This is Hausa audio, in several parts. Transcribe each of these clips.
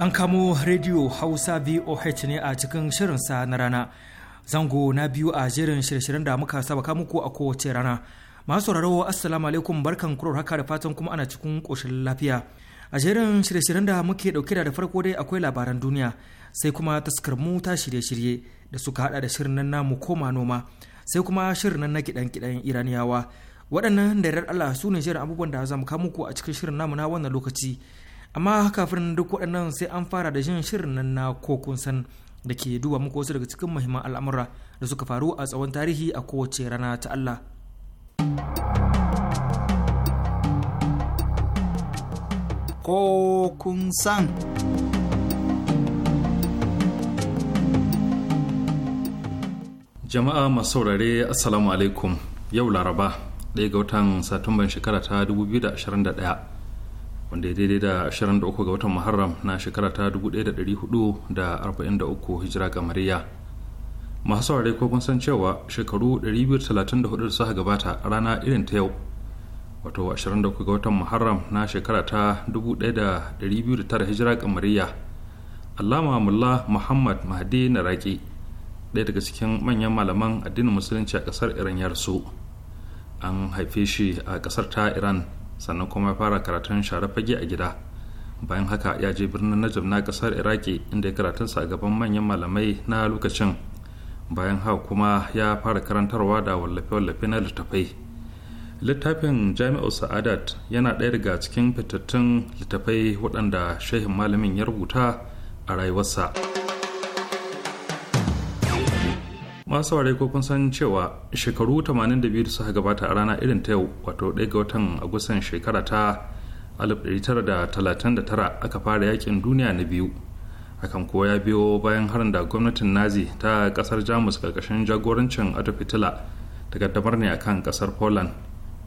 An kamo rediyo Hausa VOH ne a cikin shirinsa na rana. Zango na biyu a jerin shirye-shiryen da muka saba kamo ko a kowace rana. Masu sauraro Assalamu alaikum barkan kurar haka da fatan kuma ana cikin ƙoshin lafiya. A jerin shirye-shiryen da muke ɗauke da farko dai akwai labaran duniya sai kuma taskar mu ta shirye-shirye da suka hada da shirin nan namu koma noma sai kuma shirin nan na kiɗan-kiɗan Iraniyawa. Waɗannan da Allah su ne shirin abubuwan da za mu kamo ko a cikin shirin namu na wannan lokaci. amma kafin duk waɗannan sai an fara da jin shirin nan na kokun san da ke duba muku wasu daga cikin muhimman al'amura da suka faru a tsawon tarihi a kowace rana ta Allah. Kokun san Jama'a masu saurare Assalamu alaikum yau Laraba ɗaya ga watan Satumban shekara ta 2021 wanda ya daidai da 23 ga watan muharram na shekara ta 1443 hijira Mariya. masu saurare ko kun san cewa shekaru 234 da suka gabata rana irin ta yau wato 23 ga watan muharram na shekara ta 1209 hijira Mariya. allama mulla muhammad mahdi naraki ɗaya daga cikin manyan malaman addinin musulunci a ƙasar iran ya rasu an haife shi a ƙasar ta iran sannan kuma ya fara karatun share fage a gida bayan haka ya je birnin najab na kasar iraki inda ya karatun sa gaban manyan malamai na lokacin bayan haka kuma ya fara karantarwa da wallafe-wallafe na littafai littafin jami'ar sa'adat yana ɗaya daga cikin fitattun littafai waɗanda shehin malamin ya rubuta a rayuwarsa. masu ware ko kun san cewa shekaru 82 da suka gabata a rana irin ta yau wato 1 ga watan agustan shekara ta 1939 aka fara yakin duniya na biyu akan ya biyo bayan harin da gwamnatin nazi ta kasar jamus karkashin jagorancin adolf hitler ta gaddamar ne akan kasar poland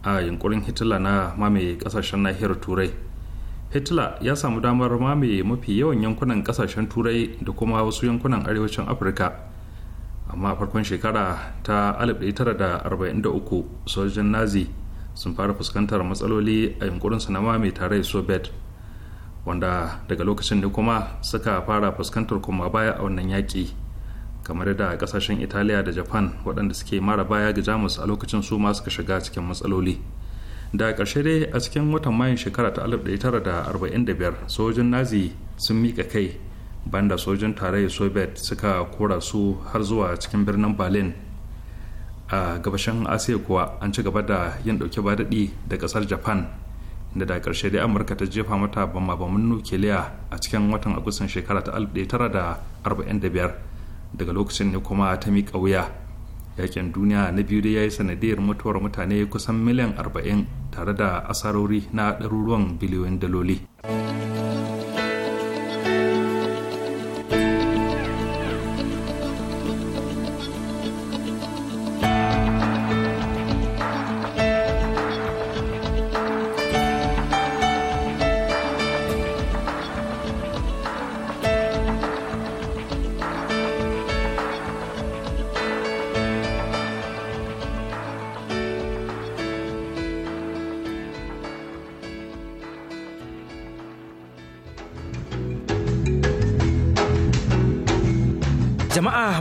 a yunkurin hitler na mamaye kasashen nahiyar turai hitler ya samu damar mamaye mafi yawan yankunan kasashen turai da kuma wasu yankunan arewacin afirka amma a farkon shekara ta 1943 sojojin nazi sun fara fuskantar matsaloli a yunkurin na mai tare soviet wanda daga lokacin ne kuma suka fara fuskantar kuma baya a wannan yaƙi kamar da kasashen italiya da japan waɗanda suke mara baya ga jamus a lokacin su ma suka shiga cikin matsaloli da ƙarshe dai a cikin watan mayan shekara ta 1945 sojojin nazi sun mika kai bayan da sojin tarayyar soviet suka kora su har zuwa cikin birnin berlin a gabashin asiya kuwa an ci gaba da yin dauke ba da ƙasar japan da da karshe da amurka ta jefa mata bamabamin nukiliya a cikin watan agustan shekara ta 1945 daga lokacin ne kuma ta miƙa wuya yakin duniya na biyu dai ya yi sanadiyar mutuwar mutane kusan miliyan 40 tare da asarori na ɗaruruwan biliyoyin daloli.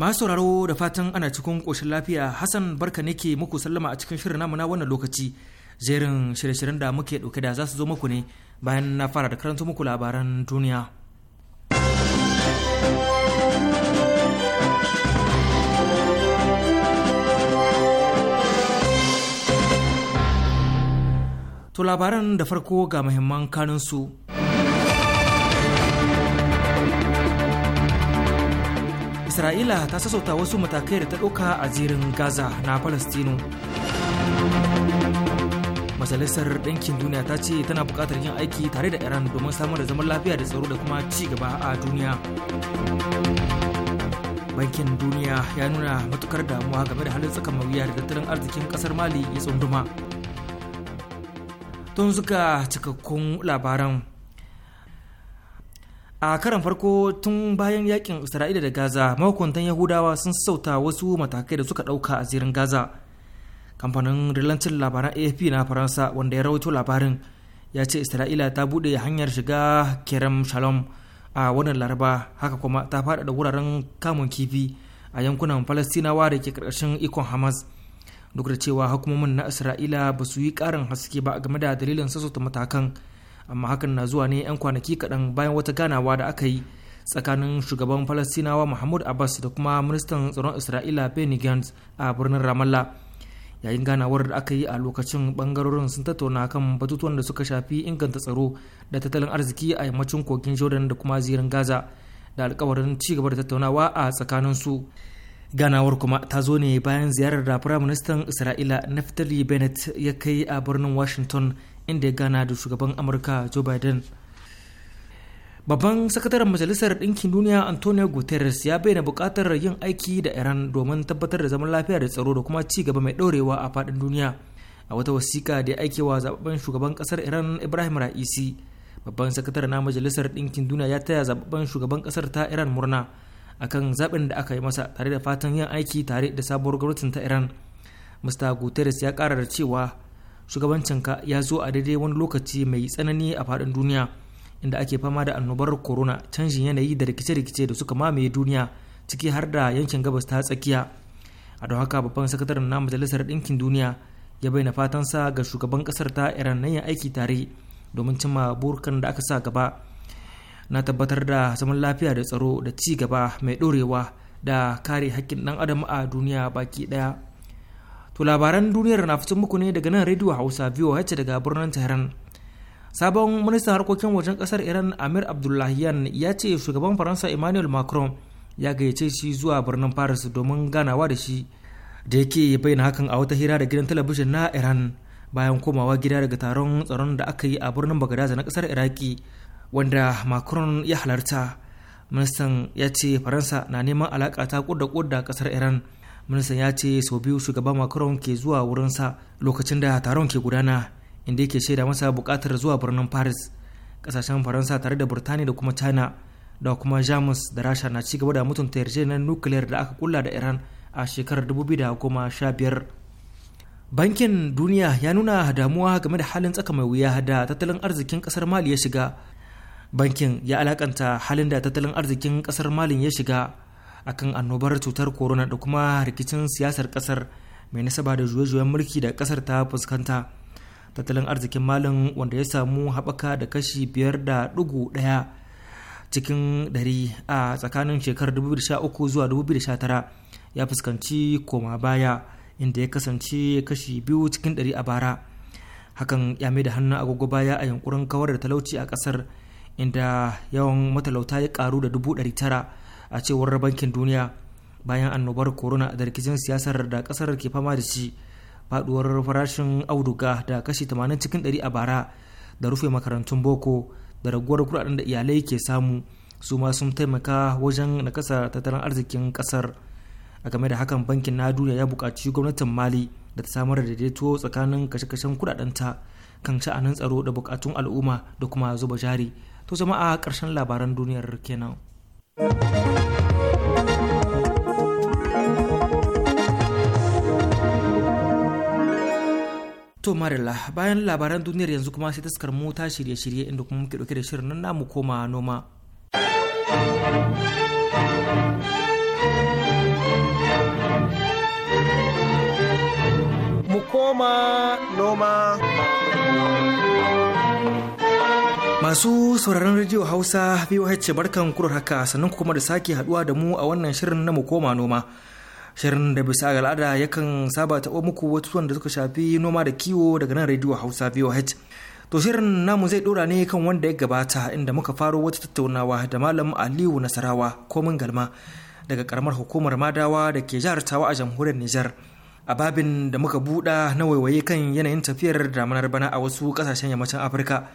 masu sauraro da fatan ana cikin ƙoshin lafiya hassan barka ne ke muku sallama a cikin shirin namu na wannan lokaci jerin shirye-shiryen da muke ɗauke da za su zo muku ne bayan na fara da karanta muku labaran duniya to labaran da farko ga muhimman kanunsu isra'ila ta sassauta wasu matakai da ta ɗauka a zirin gaza na falastinu majalisar ɗinkin duniya ta ce tana buƙatar yin aiki tare da iran domin samar da zaman lafiya da tsaro da kuma ci gaba a duniya bankin duniya ya nuna matukar damuwa game da halin tsaka mawuya da tattalin arzikin ƙasar mali ya tsunduma tun suka cikakkun labaran a karan farko tun bayan yakin isra'ila da gaza mahukuntan yahudawa sun sauta wasu matakai da suka ɗauka a zirin gaza kamfanin rilancin labaran afp na faransa wanda ya rawaito labarin ya ce isra'ila ta buɗe hanyar shiga kerem shalom a wannan laraba haka kuma ta faɗaɗa wuraren kamun kifi a yankunan falastinawa da ke ƙarƙashin ikon hamas duk da cewa hukumomin na isra'ila ba su yi karin haske ba game da dalilin sassauta matakan amma hakan na zuwa ne 'yan kwanaki kaɗan bayan wata ganawa da aka yi tsakanin shugaban falastinawa mahmud abbas da kuma ministan tsaron isra'ila benny gantz a birnin ramallah yayin ganawar da aka yi a lokacin bangarorin sun tattauna kan batutuwan da suka shafi inganta tsaro da tattalin arziki a yammacin kogin jordan da kuma zirin gaza da alkawarin ci gaba da tattaunawa a tsakanin su ganawar kuma ta zo ne bayan ziyarar da firaministan isra'ila naftali bennett ya kai a birnin washington inda ya gana da shugaban amurka joe biden babban sakataren majalisar ɗinkin duniya antonio guterres ya bayyana buƙatar yin aiki da iran domin tabbatar da zaman lafiya da tsaro da kuma ci gaba mai ɗorewa a faɗin duniya a wata wasiƙa da ya aike wa zababben shugaban ƙasar iran ibrahim ra'isi babban sakatare na majalisar ɗinkin duniya ya taya zababben shugaban ƙasar ta iran murna akan zaɓin da aka yi masa tare da fatan yin aiki tare da sabuwar gwamnatin ta iran mr guterres ya ƙara da cewa shugabancinka ya zo a daidai wani lokaci mai tsanani a faɗin duniya inda ake fama da annobar corona canjin yanayi da rikice-rikice da suka mamaye duniya ciki har da yankin gabas ta tsakiya a don haka babban sakataren na majalisar ɗinkin duniya ya bayyana sa ga shugaban ƙasar ta iran na yin aiki tare domin cimma burkan da aka sa gaba na tabbatar da zaman lafiya da tsaro da ci gaba mai ɗorewa da kare haƙƙin ɗan adam a duniya baki ɗaya To labaran duniyar na fito muku ne daga nan rediyo Hausa VOH daga birnin Tehran. Sabon ministan harkokin wajen kasar Iran Amir Abdullahian ya ce shugaban Faransa Emmanuel Macron ya gayyace shi zuwa birnin Paris domin ganawa da shi da yake bayyana hakan a wata hira da gidan talabijin na Iran bayan komawa gida daga taron tsaron da aka yi a birnin Bagadaza na kasar Iraki wanda Macron ya halarta. Ministan ya ce Faransa na neman alaka ta kudda kudda kasar Iran. ministan ya ce sau biyu shugaban macron ke zuwa wurinsa lokacin da taron ke gudana inda yake shaida masa buƙatar zuwa birnin paris ƙasashen faransa tare da burtaniya da kuma china da kuma jamus da rasha na ci gaba da mutunta yarjejeniyar nukiliyar da aka kula da iran a shekarar 2015 bankin duniya ya nuna damuwa game da halin tsaka mai wuya da tattalin arzikin kasar mali ya shiga bankin ya alakanta halin da tattalin arzikin kasar malin ya shiga akan annobar cutar corona da kuma rikicin siyasar kasar mai nasaba da juye-juyen mulki da kasar ta fuskanta tattalin arzikin malin wanda ya samu haɓaka da kashi biyar da ɗigo ɗaya cikin ɗari a tsakanin shekarar 2013 zuwa 2019 ya fuskanci koma baya inda ya kasance kashi biyu cikin ɗari a bara hakan ya mai da hannun agogo baya a yankurin kawar da talauci a ƙasar inda yawan matalauta ya ƙaru da dubu ɗari tara a cewar bankin duniya bayan annobar corona da rikicin siyasar da kasar ke fama da shi faduwar farashin auduga da kashi 80 cikin 100 a bara da rufe makarantun boko da raguwar kuɗaɗen da iyalai ke samu su ma sun taimaka wajen nakasa tattalin arzikin kasar a game da hakan bankin na duniya ya buƙaci gwamnatin mali da ta samar da daidaito tsakanin kashe-kashen ta kan sha'anin tsaro da buƙatun al'umma da kuma zuba jari to jama'a ƙarshen labaran duniyar kenan. To Marilla, bayan labaran duniyar yanzu kuma sai taskar mu ta shirye-shirye inda kuma muke dauke da shirin nan namu koma noma. Mu koma noma. Masu sauraron rediyo Hausa VOH barkan kurar haka sannan kuma da sake haduwa da mu a wannan shirin na mu koma noma. Shirin da bisa al'ada yakan saba taɓo muku wasu da suka shafi noma da kiwo daga nan rediyo Hausa VOH. To shirin namu zai ɗora ne kan wanda ya gabata inda muka faro wata tattaunawa da Malam Aliyu Nasarawa komin galma daga karamar hukumar Madawa da ke jihar Tawa a jamhuriyar Nijar. A babin da muka buɗa na waiwaye kan yanayin tafiyar damanar bana a wasu ƙasashen yammacin Afirka.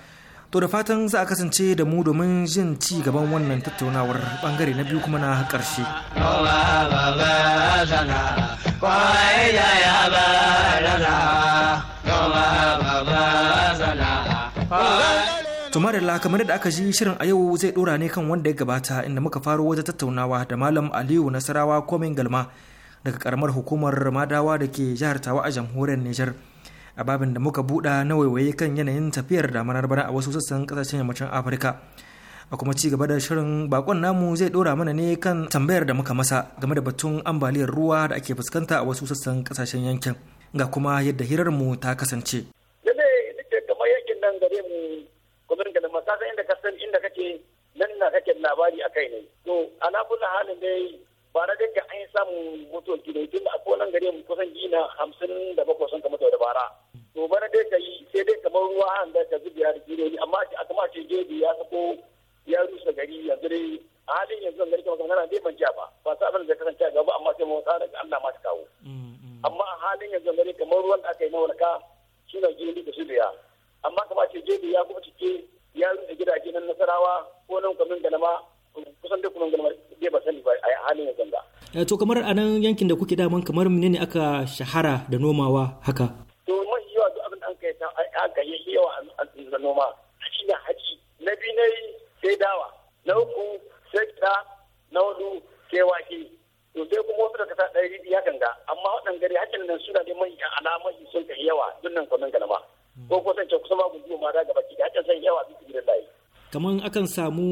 To da fatan za a kasance da mu domin jin ci gaban wannan tattaunawar bangare na biyu kuma na ƙarshe. da kamar da aka ji shirin a yau zai dora ne kan wanda ya gabata inda muka faro wata tattaunawa da Malam Aliyu Nasarawa Komen Galma daga karamar hukumar Madawa da ke jihar Tawa a jamhuriyar Nijar. a babin da muka buɗa na waiwaye kan yanayin tafiyar damanar bana a wasu sassan kasashen yammacin afirka a kuma ci gaba da shirin bakon namu zai ɗora mana ne kan tambayar da muka masa game da batun ambaliyar ruwa da ake fuskanta a wasu sassan kasashen yankin ga kuma yadda hirar mu ta kasance kamar yankin nan gare mu da inda san inda kake nan kake labari a kai ne to alabula halin dai ba na dinka an yi samun mutuwar gida tun da akwai nan gare mu kusan gina hamsin da bakwai sun kama da bara na dai ka yi sai dai kamar ruwa an da ka zubiya da jiroli amma a kama ce jeji ya sako ya rusa gari yanzu dai a halin yanzu gari garke kana dai ban ja ba ba sa abin da kasance a gaba amma sai mun tsara ga Allah ma ta kawo mm, mm. amma a halin yanzu gari kamar ruwan da aka yi mawalaka shi ne jiroli da zubiya amma kama ce jeji ya kuma cike ya rusa gidaje na nasarawa ko nan kwamin galama kusan dai nan galama dai ba sani ba a halin yanzu ga. Eh, to kamar a nan yankin da kuke daman kamar menene aka shahara da nomawa haka. a gaye yawa a noma shi ne haji na biyu na yi sai dawa na uku sai ta na hudu sai wake to sai kuma wasu daga kasa ɗari biya ganga amma waɗanda gari hakan nan suna da manyan alamai sun kai yawa nan kwanan galama hmm. ko ko san kusa ma gudu ma daga baki hakan san yawa duk gidan layi kaman akan samu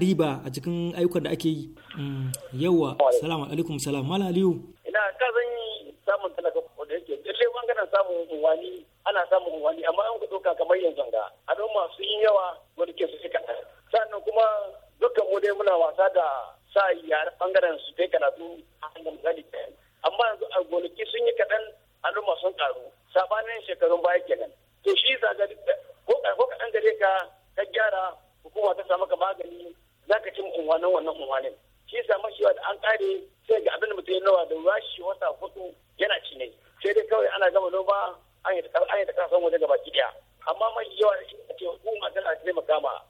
riba a cikin ayyukan da ake yi hmm, yawa salamu alaikum salam mala aliyu ina ka zan yi samun talaka ko da yake dole bangaren samun wani ana samun wani amma an ku kamar yanzu ga don masu yin yawa wani ke su shi kaɗan sannan kuma dukkan mu dai muna wasa da sa yare bangaren su yi karatu a hanyar misali amma yanzu a gonaki sun yi kaɗan don masu ƙaru sabanin shekarun baya kenan to shi zaga ko kaɗan gare ka ka gyara hukuma ta samu ka magani za ka cin unwanin wannan unwanin shi sa mashiwa da an ƙare sai ga abin da mutum ya nawa da rashi wata hudu yana ci ne sai dai kawai ana gama noma an yi ta kasan waje gaba ki daya amma mai yawa a ce hukuma tana taimaka ma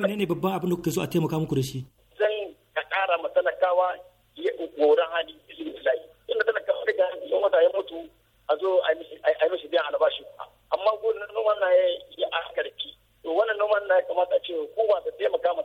menene babban abin da kuka zo a taimaka muku da shi zan ka kara ma talakawa goran hali izini ilahi inda talakawa da gani yan wata ya mutu a zo a yi mishi biyan albashi amma gudun noman na ya a karki to wannan noman na ya kamata a ce hukuma ta taimaka ma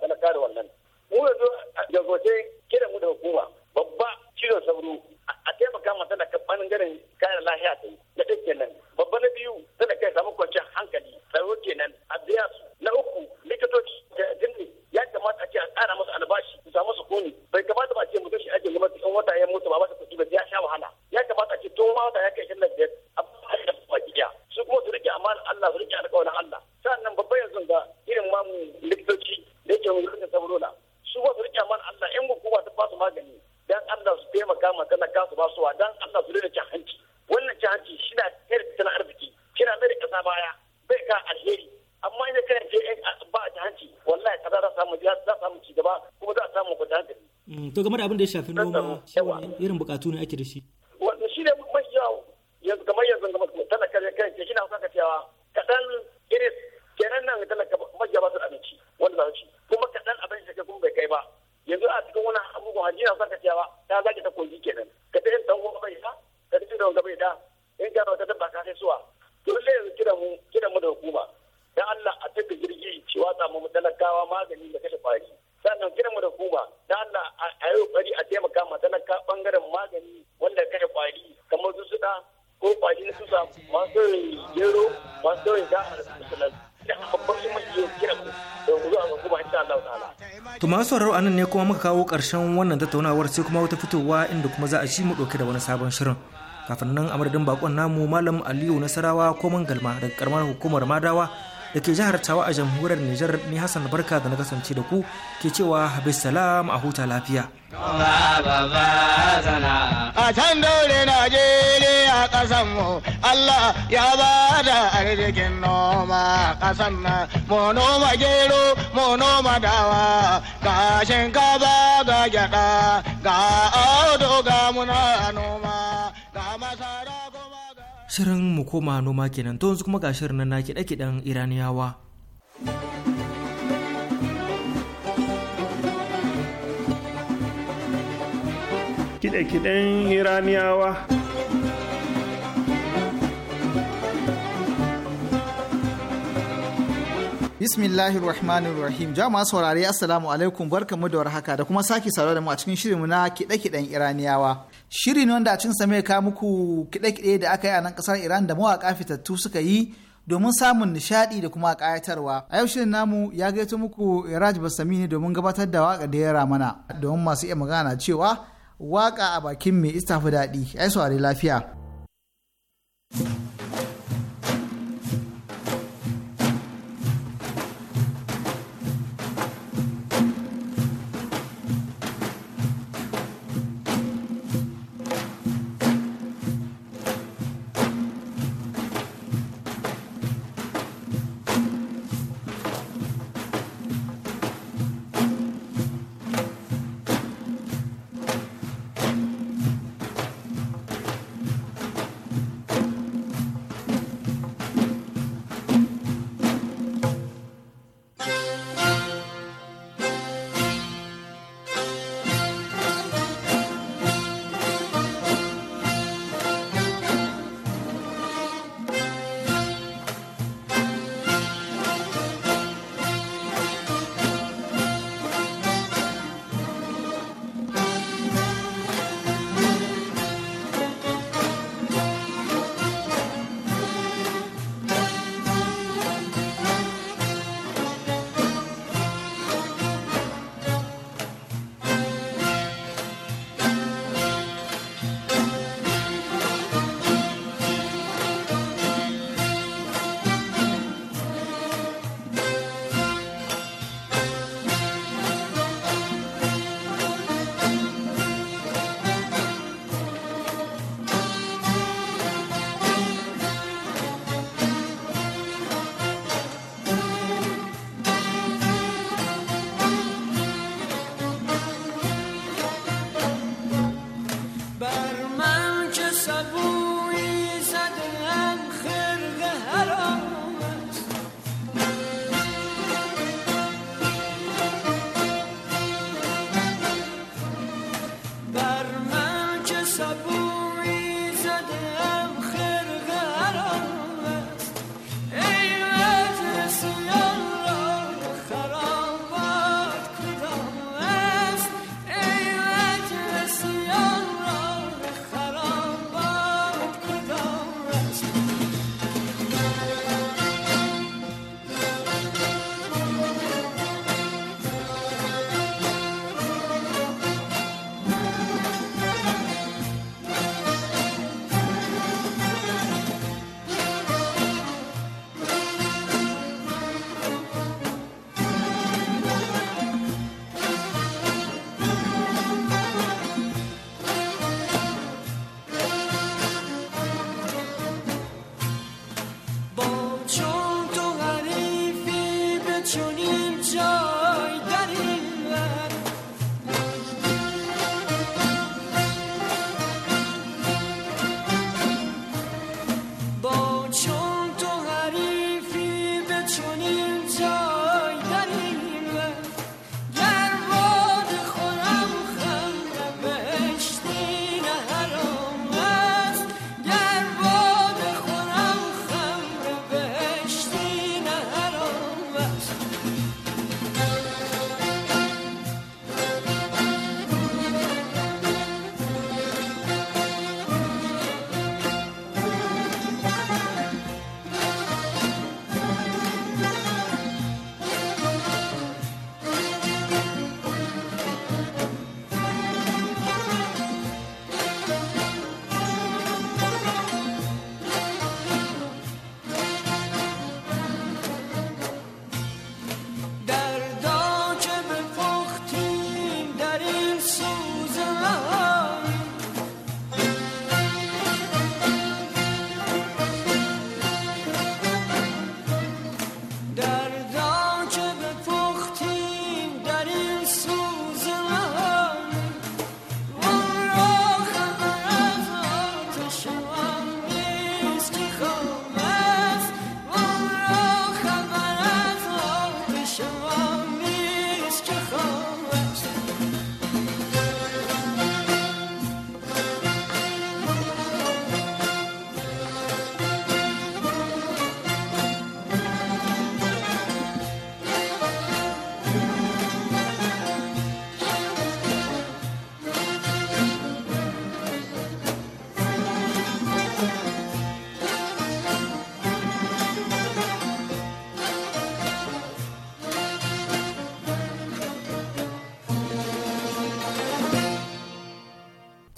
to game da abin da ya shafi noma irin bukatu ne ake da shi masu sauraro anan ne kuma muka kawo ƙarshen wannan tattaunawar sai kuma wata fitowa inda kuma za a ji mu ɗauke da wani sabon shirin kafin nan madadin bakon namu malam aliyu nasarawa ko galma daga karamar hukumar madawa da ke jihar tawa a jamhuriyar nijar ni hassan barka da na kasance da ku ke cewa habis salam a huta lafiya a kasanmu Allah ya ba da arzikin noma kasan na mu noma gero mu noma dawa ga shinkafa ga gyaɗa ga auto ga muna noma ga masara Shirin mu koma noma kenan to yanzu kuma ga shirin na kiɗe-kiɗen Iraniyawa. Kiɗe-kiɗen Iraniyawa. Bismillahir Rahmanir Rahim. Jama'a saurare Assalamu alaikum barkamu da warhaka da kuma sake saurare da mu a cikin shirinmu na kiɗe-kiɗen Iraniyawa. Shiri ne wanda a cikin mai ka muku kiɗe-kiɗe da aka yi a nan ƙasar Iran da mawaƙa fitattu suka yi domin samun nishaɗi da kuma ƙayatarwa. A yau shirin namu ya gaito muku Iraj Basami ne domin gabatar da waƙa da ya mana domin masu iya magana cewa waƙa a bakin mai istafi daɗi. Ai saurare lafiya.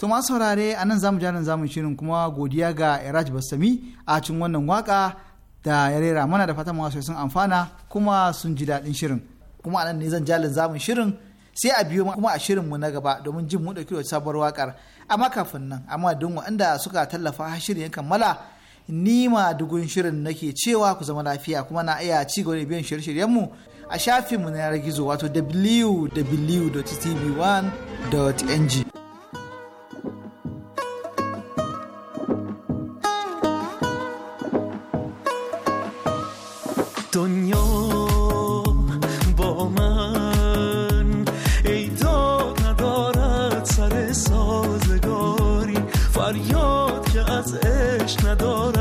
to masu saurare a nan zamu jarin zamu shirin kuma godiya ga iraj basami a cikin wannan waka da ya rera mana da fatan masu sun amfana kuma sun ji daɗin shirin kuma a nan ne zan jalin zamu shirin sai a biyo kuma a shirin mu na gaba domin jin mu dauki da sabuwar wakar amma kafin nan amma don waɗanda suka tallafa a shirin ya kammala ni ma dugun shirin nake cewa ku zama lafiya kuma na iya ci gaba da biyan shirye-shiryen mu a mu na yanar gizo wato www.tv1.ng دنیا با من ای ندارد سر سازگاری فریاد که از عشق ندارد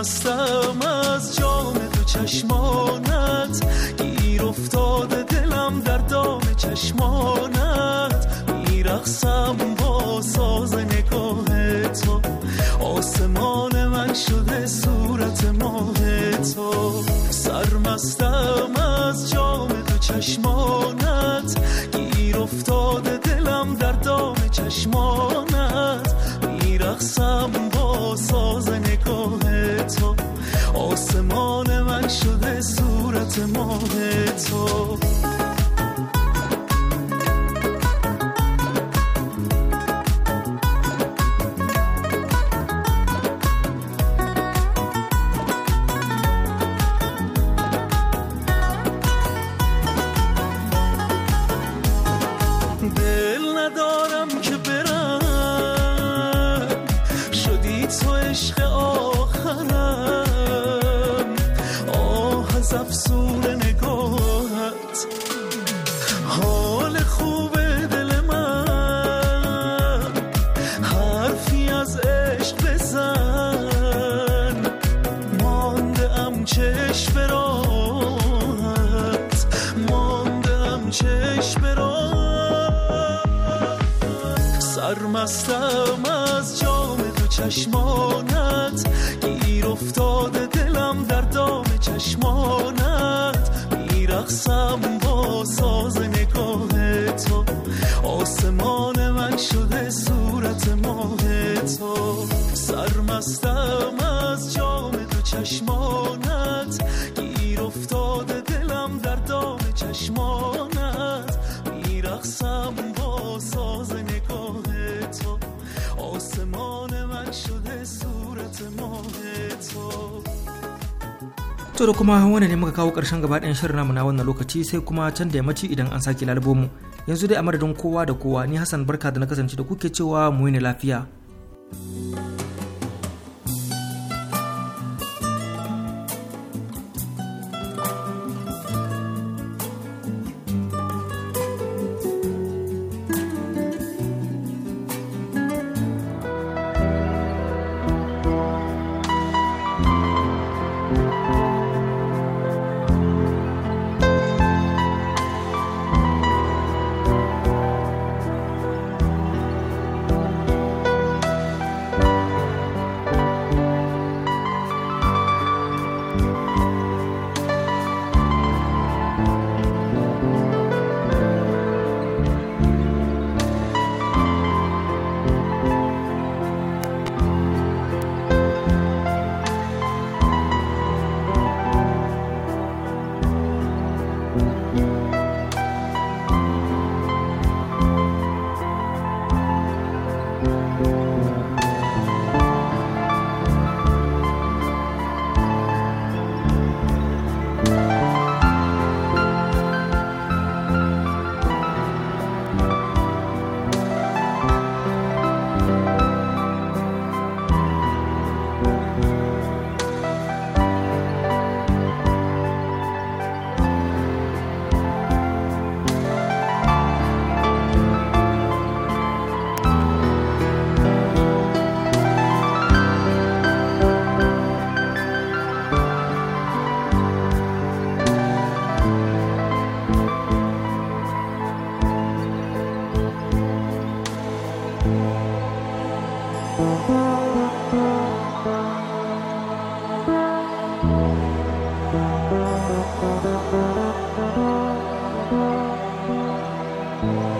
مستم از جام تو چشمان اعتماده مستم از جام تو چشمان to kuma wannan ne muka kawo ƙarshen gaba ɗayan shirin namu na wannan lokaci sai kuma can da yammaci idan an sake lalubo mu yanzu dai a madadin kowa da kowa ni Hassan barka da na kasance da kuke cewa mu ne lafiya Thank you.